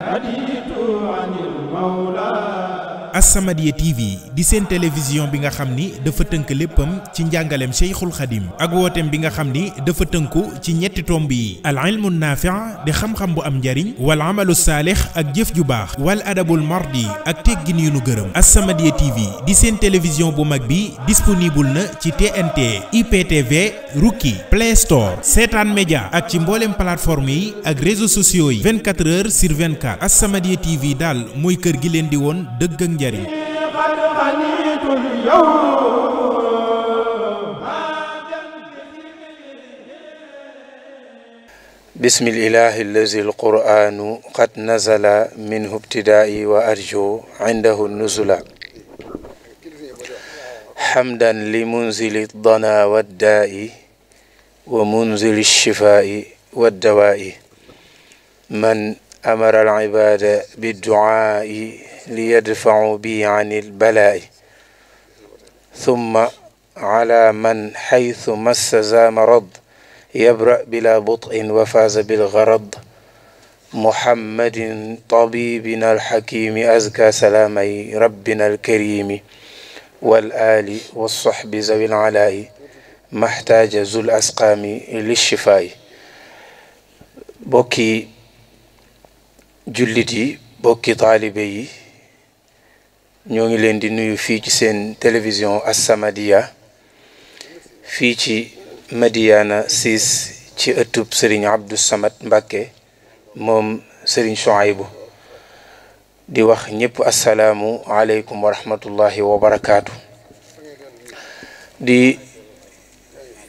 haditu anil mawla As-Samadiyya TV di seen télévision bi nga xam ni dafa tënk léppam ci njàngaleem Cheikhul Khadim ak wooteem bi nga xam ni dafa tënku ci ñetti tomb yi al ilmu naafi' di xam-xam bu am njariñ wal amalu saalix ak jëf ju baax wal adabul mardi ak teggin yu nu gërëm As-Samadiyya TV di seen télévision bu mag bi disponible na ci TNT IPTV Rookie Play Store Seetaan Média ak ci mbooleem plateforme yi ak réseaux sociaux yi 24 TV daal mooy kër gi leen di woon dëgg ak njariñ njariñ بسم الإله الذي القرآن قد نزل منه ابتدائي وأرجو عنده النزل حمدا لمنزل الضنا والداء ومنزل الشفاء والدواء من أمر العباد بالدعاء ليدفعوا بي عن البلاء ثم على من حيث مس ذا مرض يبرأ بلا بطء وفاز بالغرض محمد طبيبنا الحكيم أزكى سلامي ربنا الكريم والآل والصحب ذوي العلاء ما احتاج ذو الأسقام للشفاء bokki jullit yi bokki taalibe yi ñoo ngi leen di nuyu fii ci seen télévision As-Samadiyya fii ci Madiyana 6 ci ëttub Serigne Abdou Samad mbakke moom Serigne Chouaïbou di wax ñépp asalaamu aleykum wa rahmatullahi di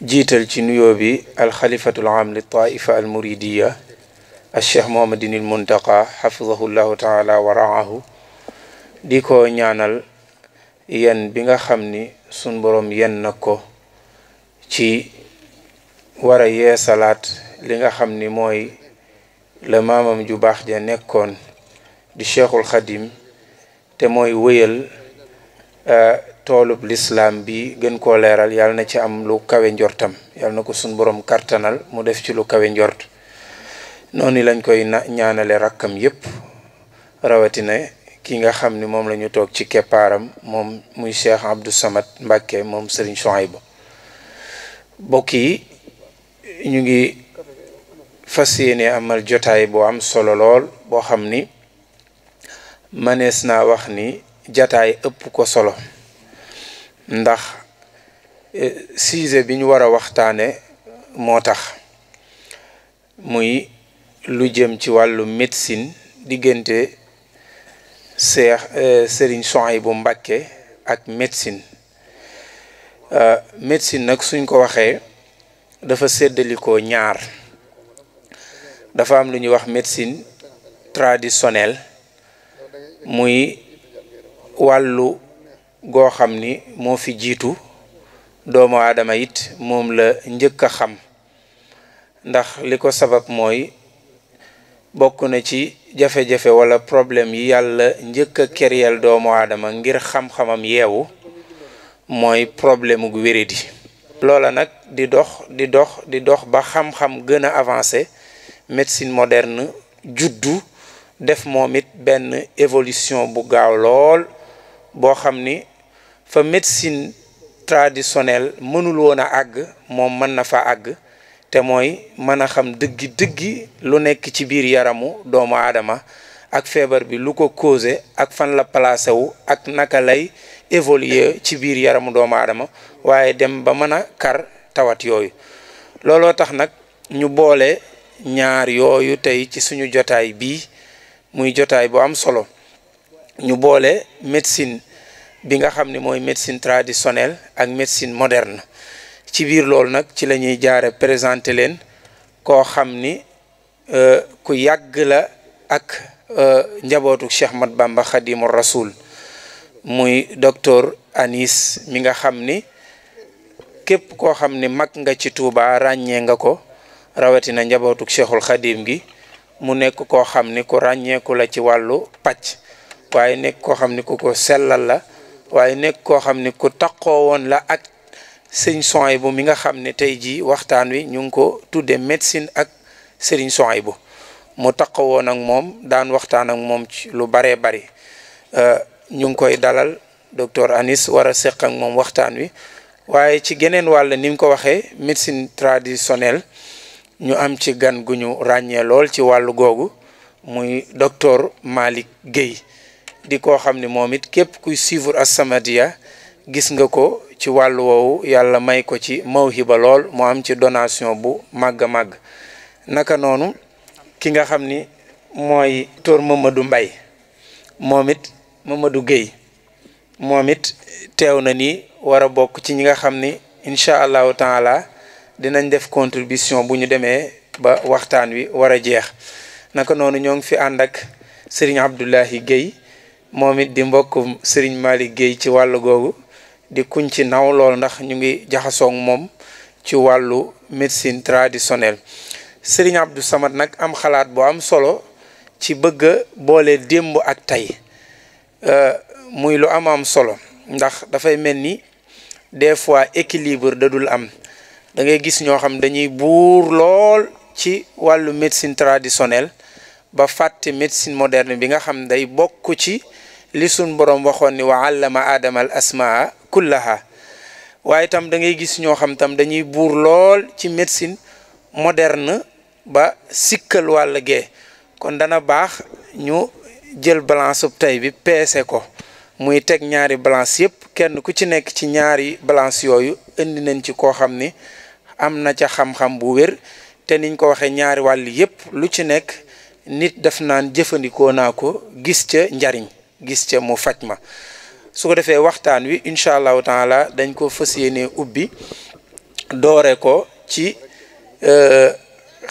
jiital ci nuyoo bi alxalifatul am li taifa al muridiya al cheikh mohamadin il muntaqa xafidahu llahu taala wa di ko ñaanal yenn bi nga xam ni sun boroom yenn na ko ci wara yee salaat li nga xam ni mooy la maamam ju baax ja nekkoon di cheikhul xadim te mooy wéyal euh, toolub lislaam bi gën ko leeral yàlla na ci am lu kawe njortam yàlla na ko sun boroom kartanal mu def ci lu kawe njort noonu lañ koy ñaanale rakkam yépp rawatina ki nga xam ni moom lañu toog ci keppaaram moom muy Cheikh Abdou Samad mbakke moom Serigne Souhaïba mbokk yi ñu ngi fas yéene amal jotaay boo am solo lool boo xam ni mënees naa wax ni jataay ëpp ko solo ndax eh, sujet bi ñu war a waxtaane moo tax muy lu jëm ci wàllu médecine diggante Seex yi bu Mbacké ak médecine euh, médecine nag suñ ko waxee dafa séddalikoo ñaar dafa am lu ñuy wax médecine traditionnelle muy wàllu goo xam ni moo fi jiitu doomu aadama it moom la njëkk a xam ndax li ko sabab mooy bokk na ci jafe-jafe wala problème yi yàlla njëkk a doomu aadama ngir xam-xamam yeewu mooy problème gu di loola nag di dox di dox di dox ba xam-xam gën a avancé médecine moderne juddu def moom it benn évolution bu gaaw lool boo xam ni fa médecine traditionnelle mënul woon a àgg moom mën na fa àgg te mooy mën a xam dëggi dëggi lu nekk ci biir yaramu doomu aadama ak feebar bi lu ko causé ak fan la placé wu ak naka lay évoluer ci biir yaramu doomu adama waaye dem ba mën a kar tawat yooyu looloo tax nag ñu boole ñaar yooyu tey ci suñu jotaay bii muy jotaay bu am solo ñu boole médecine bi nga xam ni mooy médecine traditionnelle ak médecine moderne ci biir loolu nag ci la ñuy jaare présenté leen koo xam ni euh, ku yàgg la ak euh, njabootu Cheikh Mat Bamba Khadimu Rasoul muy docteur Anis mi nga xam ni képp koo xam ni mag nga ci Touba ràññee nga ko rawatina njabootu Cheikhul Khadim gi mu nekk koo xam ni ku ràññeeku la ci wàllu pàcc waaye nekk koo xam ni ku ko sellal la waaye nekk koo xam ni ku taqoo woon la ak son sëriñ Souhaïbou mi nga xam ne tey jii waxtaan wi ñu ngi ko tuddee médecine ak son sëriñ bu mu woon ak moom daan waxtaan ak moom ci lu baree bari euh, ñu ngi koy dalal docteur Anis wara seq ak moom waxtaan wi waaye ci geneen wàll ni mu ko waxee médecine traditionnelle ñu am ci gan gu ñu ràññee lool ci wàll googu muy docteur malik Guèye di ko xam ne moom it képp kuy suivre As-Samadiyya gis nga ko ci wàll woowu yàlla may ko ci mawhiba lool moo am ci donation bu màgg a màgg naka noonu ki nga xam ni mooy tóor Mamadou Mbaye moom it Mamadou Guèye moom it teew na nii war a bokk ci ñi nga xam ni incha allahu taala dinañ def contribution bu ñu demee ba waxtaan wi war a jeex naka noonu ñoo ngi fi ànd ak Serigne Abdoulahi Guèye moom it di mbokk Serigne Malick Guèye ci wàll googu di kuñ ci naw lool ndax ñu ngi jaxasoon moom ci wàllu médecine traditionnelle Serigne Abdou Samad nag am xalaat bu am solo ci bëgg a boole démb ak tey euh, muy lu am am solo ndax dafay mel ni des fois équilibre da am da ngay gis ñoo xam dañuy buur lool ci wàllu médecine traditionnelle ba fàtte médecine moderne bi nga xam day bokk ci li sun boroom waxoon ni wa allama aadama al kullaha waaye tam dangay gis ñoo xam tam dañuy buur lool ci médecine moderne ba sikkal wàll gee kon dana baax ñu jël balance ub tey bi peese ko muy teg ñaari balance yëpp kenn ku ci nekk ci ñaari balance yooyu indi nañ ci koo xam ni am na ca xam-xam bu wér te niñ ko waxee ñaari wàll yëpp lu ci nekk nit def naan jëfandikoo naa ko gis ca njariñ gis ca mu faj ma su ko defee waxtaan wi incha allahu taala dañ ko fas yéene ubbi doore ko ci euh,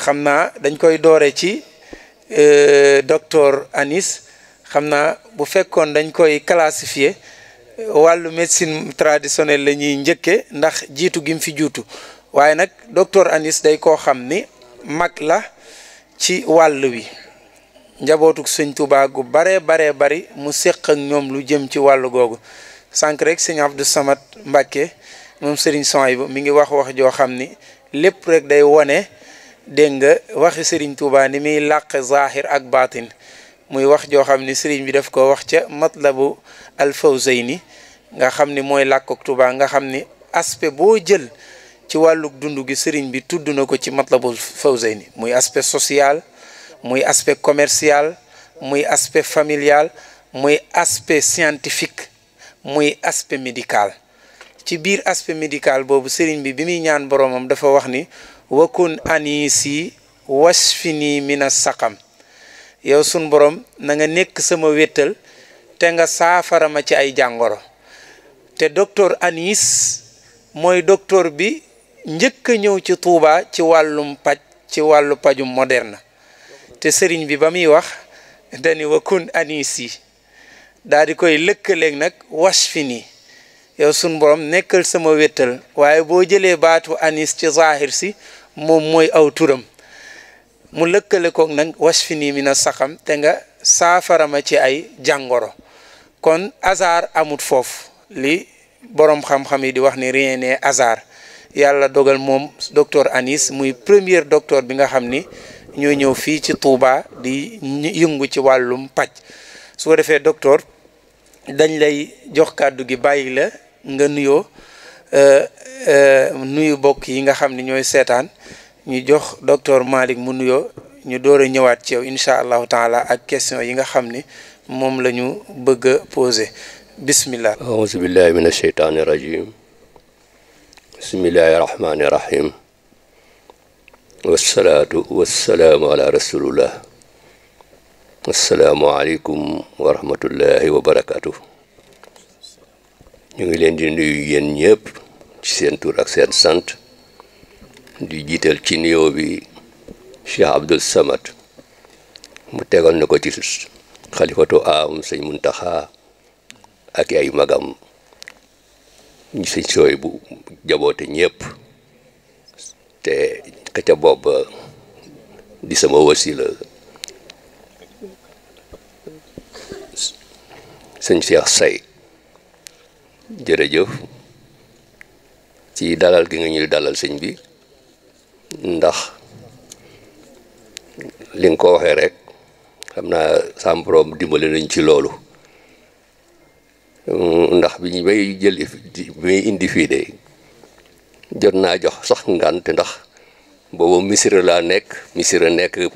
xam naa dañ koy doore ci euh, docteur Anis xam naa bu fekkoon dañ koy classifier wàllu médecine traditionnelle la ñuy njëkke ndax jiitu gi mu fi juutu waaye nag docteur Anis day koo xam ni mag la ci wàll wi njabootuk sëñ Tuubaa gu baree bare bari mu séq ak ñoom lu jëm ci wàllu googu sànq rek sëñ Abdou Samad Mbàkke moom sëriñ Souhaïbou mi ngi wax wax joo xam ni lépp rek day wone dégg nga waxi sëriñ Tuubaa ni muy làq zahir ak baatin muy wax joo xam ni sëriñ bi daf ko wax ca matlabu alfawzayni nga xam ni mooy làkkook Tuubaa nga xam ni aspect boo jël ci wàlluk dund gi sëriñ bi tudd na ko ci matlabu fawzayni muy aspect social muy aspect commercial muy aspect familial muy aspect scientifique muy aspect médical ci biir aspect médical boobu sëriñ bi bi muy ñaan boroomam dafa wax ni wakun anisi wasfini mina saqam yow sun borom na nga nekk sama wéttal te nga saafara ma ci ay jàngoro te docteur Anis mooy docteur bi njëkk a ñëw ci tuubaa ci wàllum paj ci wàllu pajum moderne te sëriñ bi ba muy wax dani wa kun anisi daal di koy lëkkaleeg nag washfi nii yow sun borom nekkal sama wéttal waaye boo jëlee baatu anis ci zahir si moom mooy aw turam mu lëkkale koog nag washfi nii mi na saxam te nga saafara ma ci ay jàngoro kon hasard amut foofu li borom xam-xam yi di wax ni rien n'est hasard yàlla dogal moom docteur anis muy premier docteur bi nga xam ni ñoo ñëw fii ci Touba di yëngu ci wàllum paj su ko defee docteur dañ lay jox kàddu gi bàyyi la nga nuyoo euh, euh, nuyu bokk yi nga xam ni ñooy seetaan ñu jox docteur Malick mu nuyoo ñu door ñëwaat ci yow incha allahu taala ak question yi nga xam ni moom la ñu bëgg a posé bismillah auzu billahi min asheytaani rajim bismillahi rahmaani rahim wassalaatu wassalaamu ala rasulillah assalaamu salaam wa rahmatullahi wa barakaatu. ñu ngi leen di nuyu yéen ñëpp ci seen tur ak seen sant di jiital ci nuyoo bi Cheikh Abdul Samad mu tegal na ko ci xalifatu aam sëñ Muntaxa ak ay magam ñu sëñ sooy bu jaboote ñëpp ka ca booba di sama wasila sëñ Cheikh Say jërëjëf ci dalal gi nga ñuy dalal sëñ bi ndax li nga ko waxee rek xam naa sàmproom dimbali nañ ci loolu ndax bi ñu may jël bi may indi fii de jot naa jox sax ngànt ndax booba Missirah laa nekk Missirah nekk euh,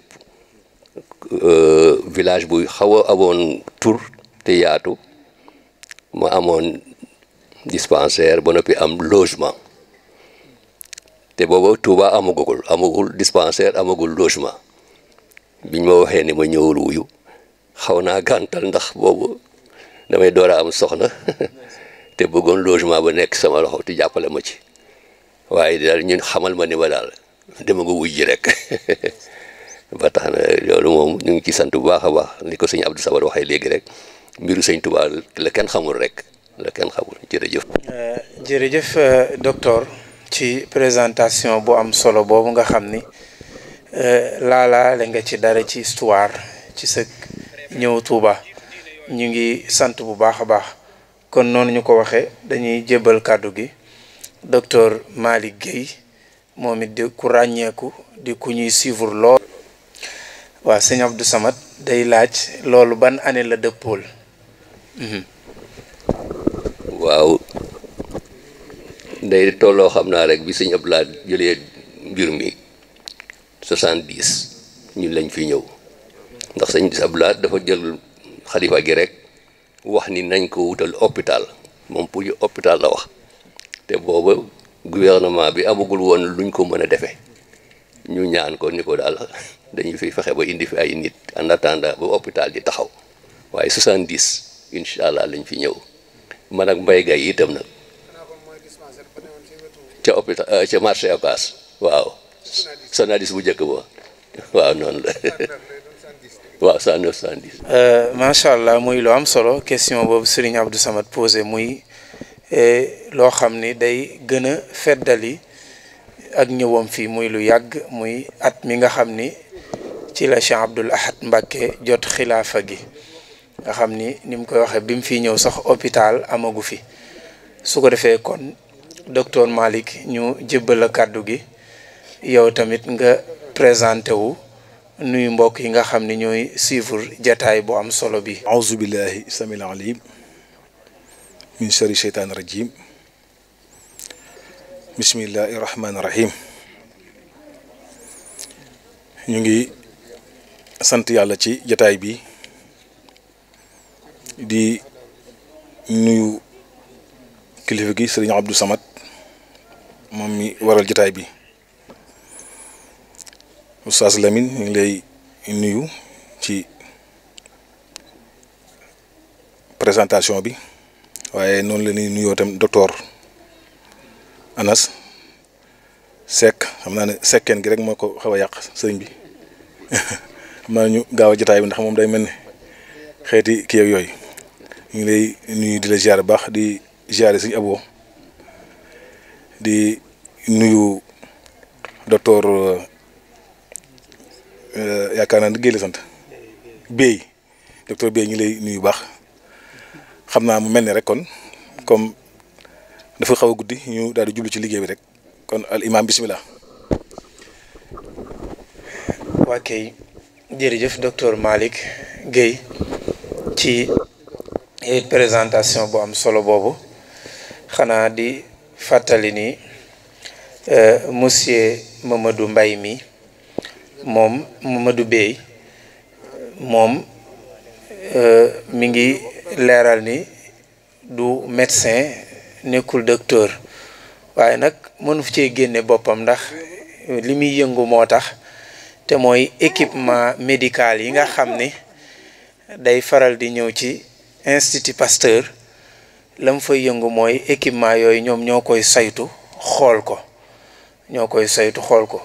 village buy xaw a amoon tur te yaatu ma amoon dispensaire ba noppi am logement te booba Touba amagul amagul dispensaire amagul logement biñ ma waxee ni ma ñëwul wuyu xaw naa gàntal ndax boobu damay door am soxna te bëggoon logement ba nekk sama loxo te jàppale ma ci waaye daal ñun xamal ma ni ma daal. dama nga wuj ji rek ba tax na loolu moom ñu ngi ci sant bu baax a baax ni ko sëñ Abdou Sabar waxee léegi rek mbiru sëñ Tuubaa la kenn xamul rek la kenn xamul jërëjëf. Euh, jërëjëf euh, docteur ci présentation bu am solo boobu nga xam ni euh, laalaale nga ci dara ci histoire ci sa ñëw tuuba ñu ngi sant bu baax a baax kon noonu ñu ko waxee dañuy jébbal kàddu gi docteur Malick Guèye. moom it di ku ràññeeku di ku ñuy suivre lool. waa sëñ Abdou Samad day laaj loolu ban année la dëppool. Mhm. waaw day tolloo xam naa rek bi sëñ Abdou laa jëlee mbir mi soixante-dix ñun lañ fi ñëw ndax sëñ Abdou laa dafa jël xalifa gi rek wax ni nañ ko wutal hôpital moom pour hôpital la wax te booba. gouvernement bi amagul woon luñ ko mën a defee ñu ñaan ko ni ko daal dañu fiy fexe ba indi fi ay nit en attendant ba hôpital di taxaw waaye 70 incha allah lañ fi ñëw man ak mbay gay itam nag ca hôpital euh, ca marché Ocass waaw sonadis bu njëkk bo waaw noonu la waaw 109 110. Euh, macha allah muy lu am solo question boobu Serigne Abdou Samad posé muy. Eh, loo xam ni day gën a feddali ak ñëwam fii muy lu yàgg muy at mi nga xam ni ci la Cheikh Abdoul Ahad Mbacké jot xilaafa gi nga xam ni ni mu koy waxee bi mu fi ñëw sax hôpital amagu fi su ko defee kon docteur Malick ñu jébbal la kàddu gi yow tamit nga présenté wu nuyu mbokk yi nga xam ni ñooy suivre jataay boo am solo bi. aouzu billahi samil alim min sharri sheytaan rajim bismillahi rahmaani ñu ngi sant yàlla ci jataay bi di nuyu kilifa gi sëriñ Abdou Samad moom mi waral jataay bi Oustaz Lamine ñu ngi lay nuyu ci présentation bi waaye noonu la ñuy nuyoo itam docteur Anas Seck xam naa ne sekkeen gi rek moo ko xaw a yàq sëñ bi xam naa ñu gaaw a jotaay bi ndax moom day mel ne xeeti kii yooyu ñu ngi lay nuyu di la ziar bu baax di ziare suñu abo di nuyu docteur euh, yaakaar naa ne Guèye la sant Bey docteur Bey ñu lay nuyu baax. xam naa mu mel ni rek kon comme dafa xaw a guddi ñu daal di jublu ci liggéey bi rek kon al imaam bisimilah. waa kay jërëjëf docteur Malick géey ci présentation bu am solo boobu xanaa di fàttali ni euh, monsieur Mamadou mbay mi moom Mamadou Bey moom euh, mi ngi. leeral ni du médecin nekkul docteur waaye nag mënu cee génne boppam ndax li muy yëngu moo tax te mooy équipement médical yi nga xam ni day faral di ñëw ci institut Pasteur la mu fay yëngu mooy équipement yooyu ñoom ñoo koy saytu xool ko ñoo koy saytu xool ko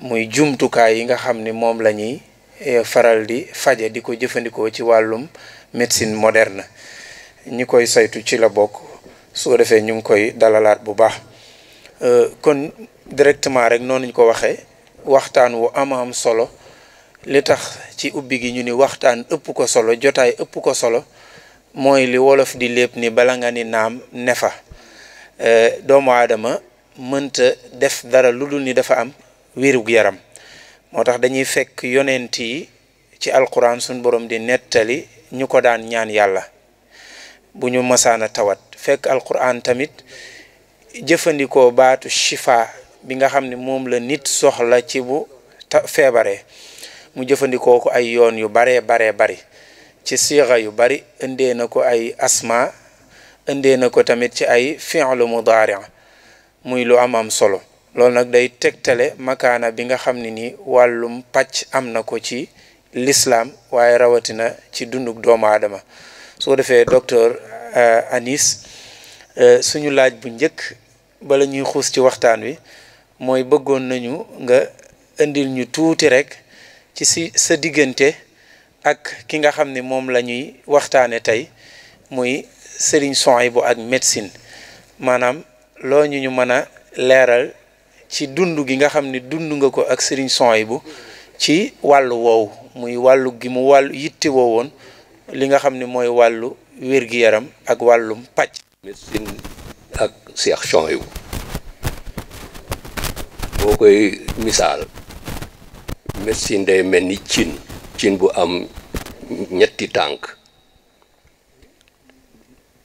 muy jumtukaay yi nga xam ni moom la ñuy eh, faral di faje di ko jëfandikoo ci wàllum médecine moderne ñi koy saytu ci la bokk soo defee ñu ngi koy dalalaat bu baax euh, kon directement rek noonu ñu ko waxee waxtaan wu am am solo li tax ci ubbi gi ñu ni waxtaan ëpp ko solo jotaay ëpp ko solo mooy li wolof di lépp ni bala nga ni naam ne fa euh, doomu aadama mënta def dara lu dul ni dafa am wérug yaram moo tax dañuy fekk yonent yi ci alquran suñ borom di nettali ñu ko daan ñaan yàlla bu ñu masaana tawat fekk alquran tamit jëfandikoo baatu shifa bi nga xam ni moom la nit soxla ci bu ta feebaree mu jëfandikoo ko ay yoon yu baree baree bari ci siira yu bari indee na ko ay asma indee na ko tamit ci ay fi'lu mudaari muy lu am am solo loolu nag day tegtale makaana bi nga xam ne ni wàllum pàcc am na ko ci lislaam waaye rawatina ci dunduk doomu aadama soo defee doctor euh, Anis euh, suñu laaj bu njëkk bala ñuy xuus ci waxtaan wi mooy bëggoon nañu nga indil ñu tuuti rek ci si sa diggante ak ki nga xam ni moom la ñuy waxtaane tey muy yi bu ak médecine maanaam loo ñu ñu mën a leeral ci dund gi nga xam ne dund nga ko ak Serigne Souhaïbou bu ci wàllu woowu muy wàllu gi mu wàllu yitte woowoon li nga xam ni mooy wàllu wér-gi-yaram ak wàllum pàcc. médecine ak Cheikh Chouaïbou boo koy misaal médecine day mel ni cin cin bu am ñetti tànk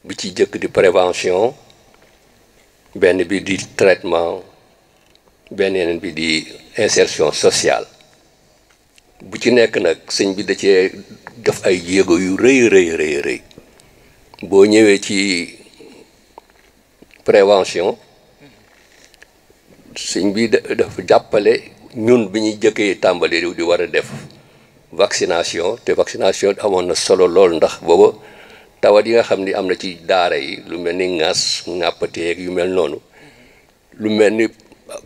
bi ci jëkk di prévention benn bi di traitement beneen bi di insertion sociale bu ci nekk nag sëñ bi da cee def ay jéego yu rëy rëy rëy boo ñëwee ci prévention sëñ bi dafa jàppale ñun bi ñuy jëkkee tàmbali di war a def vaccination te vaccination amoon na solo lool ndax booba tawat yi nga xam ni am na ci daara yi lu mel ni ŋaas ŋàppateeg yu mel noonu lu mel ni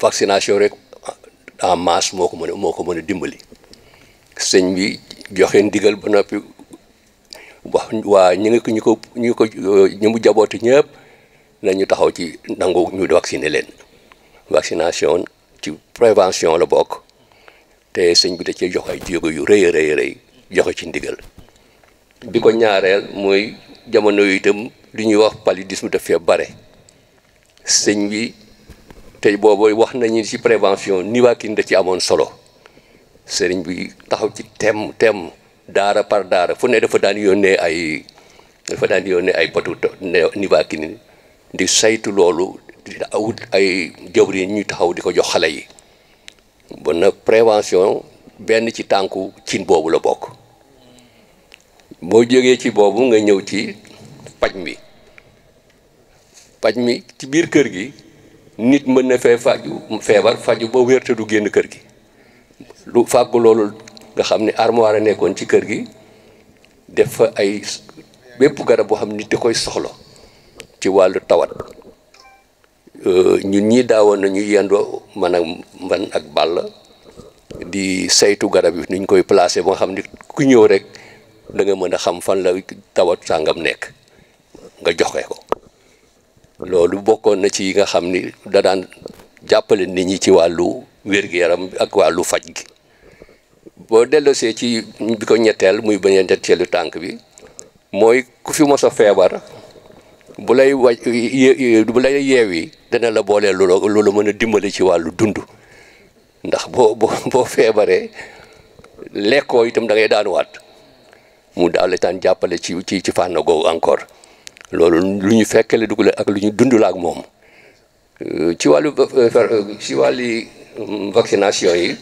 vaccination rek en masse moo ko mën a moo ko mën a dimbali sëñ bi joxe ndigal ba noppi wax waa ñu ngi ko ñu ko ñu mu jabooti ñëpp nañu taxaw ci nangu ñu vacciné leen vaccination ci prévention la bokk te sëñ bi da cee jox ay jéego yu rëy rëy joxe ci ndigal bi ko ñaareel mooy jamono yu itam li ñuy wax pali paludisme daf fee bare sëñ bi te boobooy wax nañu ci prévention ni waakin da ci amoon solo sëriñ bi taxaw ci temm temm daara par daara fu ne dafa daan yónnee ay dafa daan yónnee ay potu Nivaquine di saytu loolu di awut ay jawriñ ñuy taxaw di ko jox xale yi bon na prévention benn ci tànku cin boobu la bokk boo jógee ci boobu nga ñëw ci paj mi paj mi ci biir kër gi nit mën na fee faju feebar faju ba wér du génn kër gi lu fàgg loolu nga xam ne armoire a nekkoon ci kër gi def fa ay bépp garab boo xam ni di koy soxla ci wàllu tawat euh, ñun ñii daawoon nañu yendoo man ak man ak bàll di saytu garab yi nuñ koy placé ba nga xam ni ku ñëw rek da nga mën a xam fan la tawat sàngam nekk nga joxe ko loolu bokkoon na ci yi nga xam ni da daan jàppale nit ñi ci wàllu wér-gu-yaram ak wàllu faj gi boo delloosee ci bi ko ñetteel muy bañ a ñetteelu tànk bi mooy ku fi mos feebar bu lay waj bu lay yeewi dana la boolee lu la mën a dimbali ci wàllu dund ndax boo boo feebaree lekkoo itam da ngay daanuwaat mu daal di daan jàppale ci ci ci fànn googu encore loolu lu ñu fekkale dugg la ak lu ñu dund la ak moom euh, ci wàllu euh, ci wàllu vaccination yi.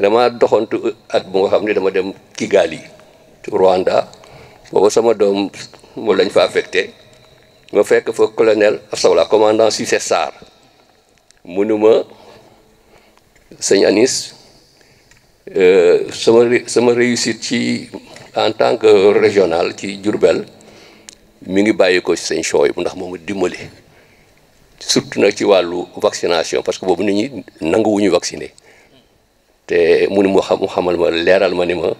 dama doxantu ak bu nga xam ne dama dem Kigali Rwanda booba sama doom moom lañ fa affecté ma fekk fa colonel Asawla commandant Cissé Sarr munuma sëñ Anis euh, sama sama réussit ci en tant que régional ci Diourbel mi ngi bàyyi ko ci sëñ Chooy bu ndax moom dimbali surtout nag ci wàllu vaccination parce que boobu nit ñi nanguwuñu vacciné te mu ni mu xam mu xamal ma leeral ma ni ma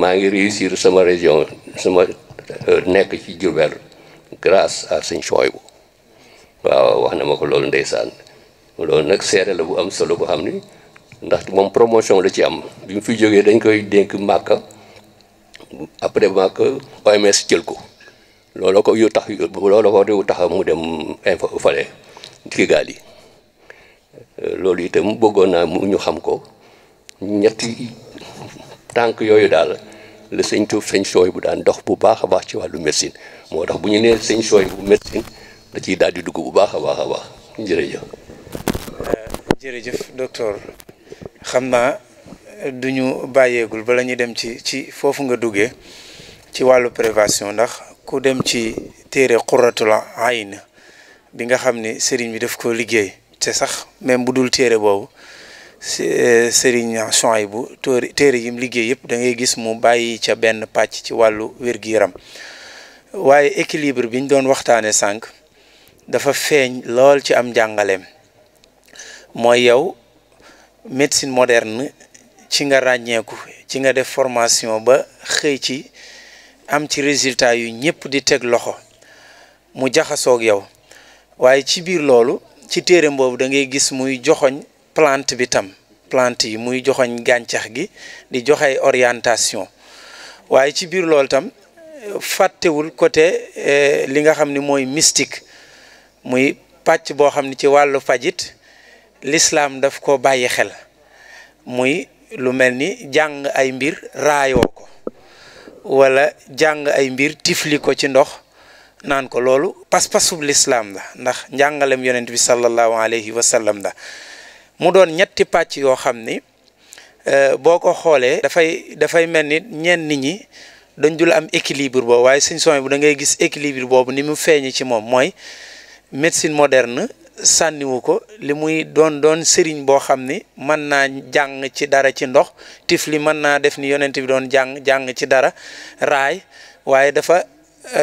maa ngi réussir sama région sama euh, nekk ci Diourbel grâce à sëñ Chouaïbou waaw wax na ma ko loolu ndeysaan loolu nag seere la bu am solo ko xam ni ndax moom promotion la ci am bi fi jógee dañ koy dénk màkka après màkka OMS jël ko loolu ko yu tax loolu ko yu mu dem info fale ci gaal yi loolu itam bëggoon naa mu ñu xam ko ñetti tànk yooyu daal la sëñ tu sëñ sooy bu daan dox bu baax a baax ci wàllu médecine moo tax bu ñu nee sëñ sooy bu médecine da ci daal di dugg bu baax a baax a baax jërëjëf. Euh, jërëjëf docteur xam naa euh, duñu bàyyeegul bala ñuy dem ci ci foofu nga duggee ci wàllu prévation ndax ku dem ci téere Qurratul Ayn bi nga xam ne sëriñ bi daf ko liggéey te sax même bu dul téere boobu. Eh, Serigne bu téere yim liggéey yëpp da ngay gis mu bàyyi ca benn pàcc ci wàllu wér yaram waaye équilibre bi ñu doon waxtaane sànq dafa feeñ lool ci am jàngaleem mooy yow médecine moderne ci nga ràññeeku ci nga def formation ba xëy ci am ci résultat yu ñëpp di teg loxo mu jaxasoog yow waaye ci biir loolu ci téere boobu da ngay gis muy joxoñ plante bi tam plant yi muy joxoñ gàncax gi di joxe orientation waaye ci biir loolu tam fàttewul côté eh, li nga xam ni mooy mystique muy pàcc boo xam ni ci wàllu fajit lislaam daf ko bàyyi xel muy lu mel ni jàng ay mbir raayoo ko wala jàng ay mbir tifli ko ci ndox naan ko loolu pas-pasub lislaam la ndax jàngalem yonent bi sallallahu alayhi wa sallam la mu doon ñetti pàcc yoo xam ni euh, boo ko xoolee dafay dafay mel ni ñenn nit ñi dañ jul am équilibre boobu waaye Sëñ Suwaybu bu da gis équilibre boobu ni mu feeñi ci moom mooy médecine moderne sànniwu ko li muy doon doon sëriñ boo xam ni mën naa jàng ci dara ci ndox tifli mën naa def ni yonent bi doon jàng jàng ci dara raay waaye dafa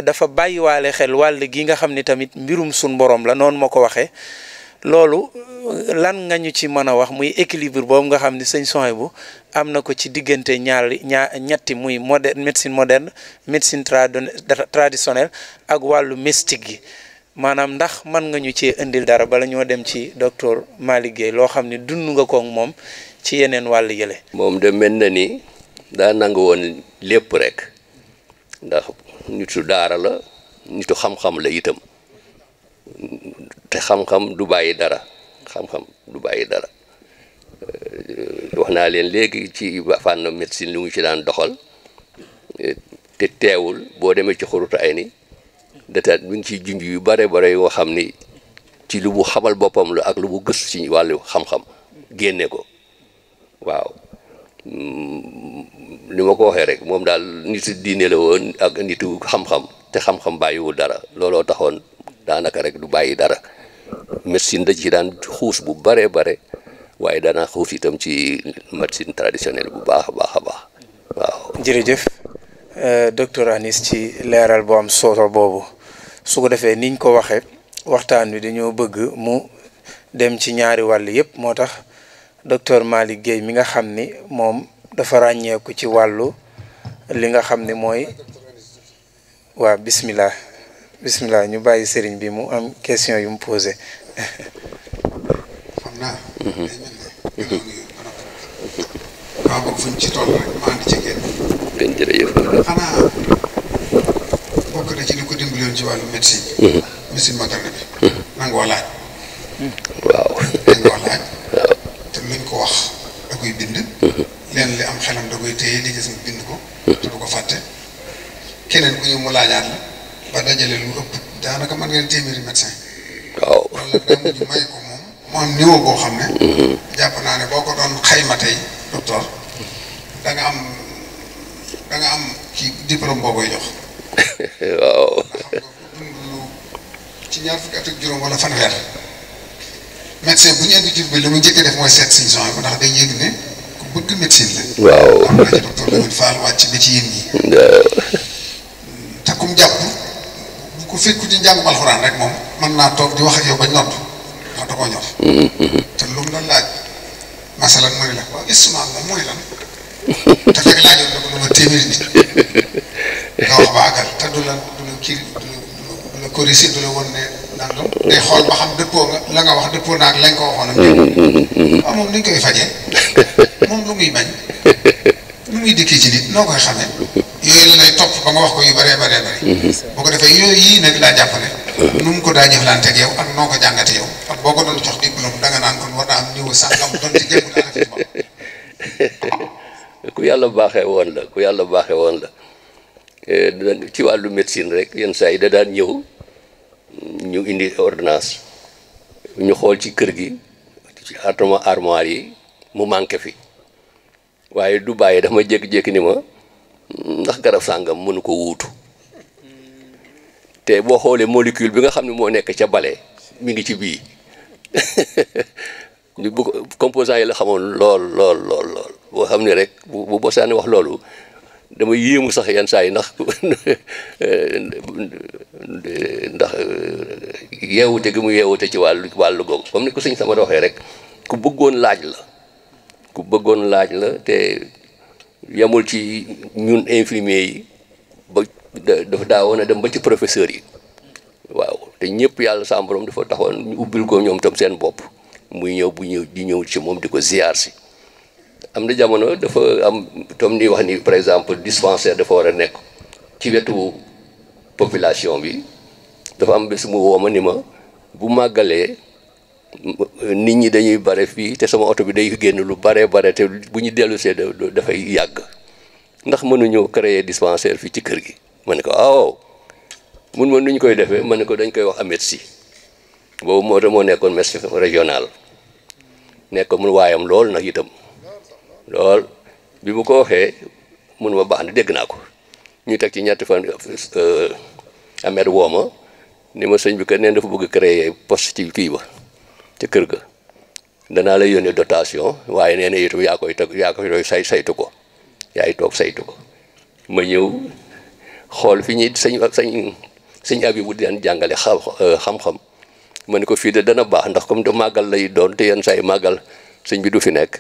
dafa bàyyiwaale xel wàll gi nga xam ni tamit mbirum sun borom la noonu ma ko waxee loolu lan nga ñu ci mën a wax muy équilibre boobu nga xam ni sëñ bu am na ko ci diggante ñaari ñaar ñetti muy moderne médecine moderne médecine traditionnelle ak wàllu mystique gi maanaam ndax mën nga ñu ci indil dara bala ñoo dem ci docteur maa liggéey loo xam ni dund nga koog moom ci yeneen wàll yële. moom de mel na ni daa nangu woon lépp rek ndax nitu daara la nitu xam-xam la itam. te xam-xam du bàyyi dara xam-xam bàyyi dara euh, wax naa leen léegi ci fànn médecine li mu ci daan doxal te teewul boo demee ci xuruta ay ni detaat mi ngi ciy junj yu bare bare yoo xam ni ci lu mu xamal boppam la ak lu mu gëstu ci wàllu xam-xam génne ko waaw li mm, ma ko waxee rek moom daal nitu diine la woon ak nitu xam-xam te xam-xam bàyyiwul dara looloo taxoon daanaka rek du bàyyi dara médecine da ci daan xuus bu bare bare waaye daanaa xuus itam ci médecine traditionnelle bu baax a baax a baax waaw. jërëjëf euh, docteur Anis ci leeral boo am solo boobu su ko defee niñ ko waxee waxtaan wi dañoo bëgg mu dem ci ñaari wàll yépp moo tax docteur Malick Guèye mi nga xam ni moom dafa ràññeeku ci wàllu li nga xam ni mooy waa bismillah. bisimilah ñu bàyyi sëriñ bi mu am question yu mu posé. xam waaw mhm. fuñ ci toll ci bokk na ci li ko dimbali ci wàllu médecine. Mhm. médecine moderne bi. Mhm. nangoo laaj. waaw. te luñ ko wax da koy bind. leen li am xelam da koy téye li gis bind ko. te ko fàtte. keneen ku ñu mu laajaat la. daanaka mën ngeen téeméeri médecin. waaw daa mujj may ko moom. mu am niveau boo xam ne. Mm-hmm. jàpp naa ne boo ko doon xayma tey docteur da am danga am kii diplôme boo koy jox. waaw. ci ñaar fukki juróom wala fanweer. médecin bu ñu indi jur bi li mu njëkk def mooy seet si émission bi ndax day yëg ne ku bëgg médecine la. waaw am na ci docteur Lamine Fall wàcc ba ci yéen ñi. ku fi ku ci njàngum alxuraan rek moom mën naa toog di wax ak yow bañ nodd ndax da la waaw ismaam moom mooy lan. te fekk laajoon na ko ma téeméeri la du la kii du la du xool ba xam dëppoo nga la nga wax ko waxoon ak yow. moom ni ñu koy fajee moom lu muy bañ lu muy dikkee ci nit noo koy xamee. yooyu la lay topp ba nga wax ko yu bëree bëree bëri mhm. boo ko defee yii nag laa jàpp mhm. nu mu ko daa jëflante ak yow noo ko jàngate yow ku yàlla baaxee woon la ku yàlla baaxee woon la eh, ci wàllu médecine rek yenn saa yi da daan ñëw ñu indi ordonnance ñu xool ci kër gi ci armoire yi mu manqué fi waaye du bàyyi dama jékki-jékki ni ma ndax garab sàngam mënu ko wuutu te boo xoolee molécule bi nga xam ne moo nekk ca bale mi ngi ci bii ñu bu composants yi la xamoon lool lool lool boo xam ne rek bu bu bosaani wax loolu dama yéemu sax yenn saa yi ndax ndax eh, yeewute gi mu yeewute ci wàllu wàllu googu comme ni ko sëñ sama waxee rek ku bëggoon laaj la ku bëggoon laaj la te. yamul ci ñun infirmier yi ba dafa daawoon a dem ba ci professeur yi waaw te ñëpp yàlla sa borom dafa taxoon ñu ubbil ko ñoom tam seen bopp muy ñëw bu ñëw di ñëw ci moom di ko ziar si am na jamono dafa am tom ni wax ni par exemple dispensaire dafa war a nekk ci wetu population bi dafa am bés mu woo ma ni ma bu màggalee nit ñi dañuy bare fii te sama oto bi day génn lu bare bare te bu ñu dellusee dafay yàgg ndax mënuñoo créer dispensaire fii ci kër gi ma ne ko aw mun ma nuñ koy defee ma ne ko dañ koy wax amet si boobu moo tax moo nekkoon médecin régional nekk mu waayam lool nag itam lool bi mu ko waxee mun ma baax na dégg naa ko ñu teg ci ñetti fan euh, amet wooma ni ma sëñ bi kat neen dafa bëgg créer poste ci fii ba ci kër ga danaa lay yónnee dotation waaye nee na itam yaa koy teg yaa koy say saytu ko yaay toog saytu ko ma ñëw xool fi ñuy sañ sañ sañ ab yi bu daan jàngale euh, xam-xam ma ne ko fii de dana baax ndax comme de màggal lay doon te yenn saa yi màggal sëñ bi du fi nekk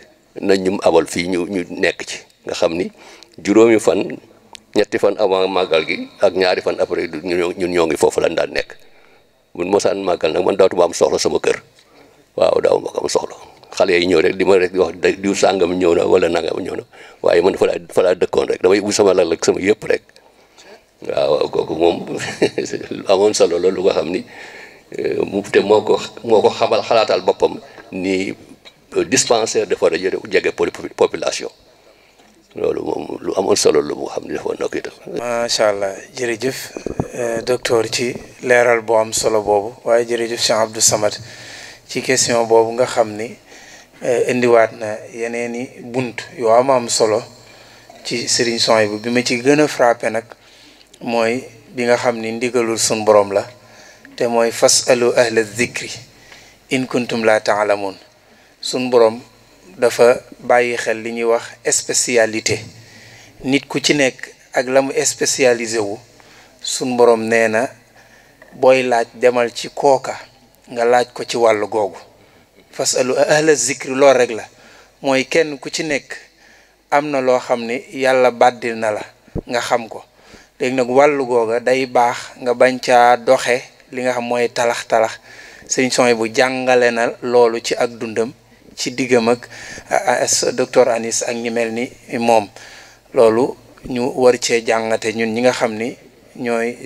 nañ ñu abal fii ñu ñu nekk ci nga xam ni juróomi fan ñetti fan avant màggal gi ak ñaari fan après ñun ñoo ngi foofu lañ daan nekk mun mosaan màggal nag man daatuma am soxla sama kër waaw daaw ma am soxla xale yi ñëw rek di ma rek di wax diw sàngam ñëw na wala nangam ñëw na waaye man fa laa dëkkoon rek damay ubbi sama lal ak sama yëpp rek waaw kooku moom amoon solo la lu nga xam ni eh, mu moo ko moo ko xamal xalaatal boppam ni euh, dispensaire dafa war a jege population loolu moom lu amoon solo la bu xam ne dafa nokk allah jërëjëf euh, docteur ci leeral boo am solo boobu waaye jërëjëf Cheikh Abdou Samad. ci question boobu nga xam ni eh, indiwaat na yeneen i bunt yoo am am solo ci Serigne Sonhibou bi ma ci gën a frappé nag mooy bi nga xam ni ndigalul sun borom la te mooy fas fasalu ahla zikri une kuntum la la taalamun sun borom dafa bàyyi xel li ñuy wax spécialité nit ku ci nekk ak la mu wu sun borom nee na booy laaj demal ci kooka nga laaj ko ci wàllu googu fasalu ahla zikri lool rek la mooy kenn ku ci nekk am na loo xam ni yàlla bàddil na la nga xam ko léegi nag wàllu googa day baax nga bañ caa doxe li nga xam mooy talax talax sëñ son bu jàngale na loolu ci ak dundam ci diggam ak docteur Anis ak ñi mel ni moom loolu ñu war cee jàngate ñun ñi nga xam ni ñooy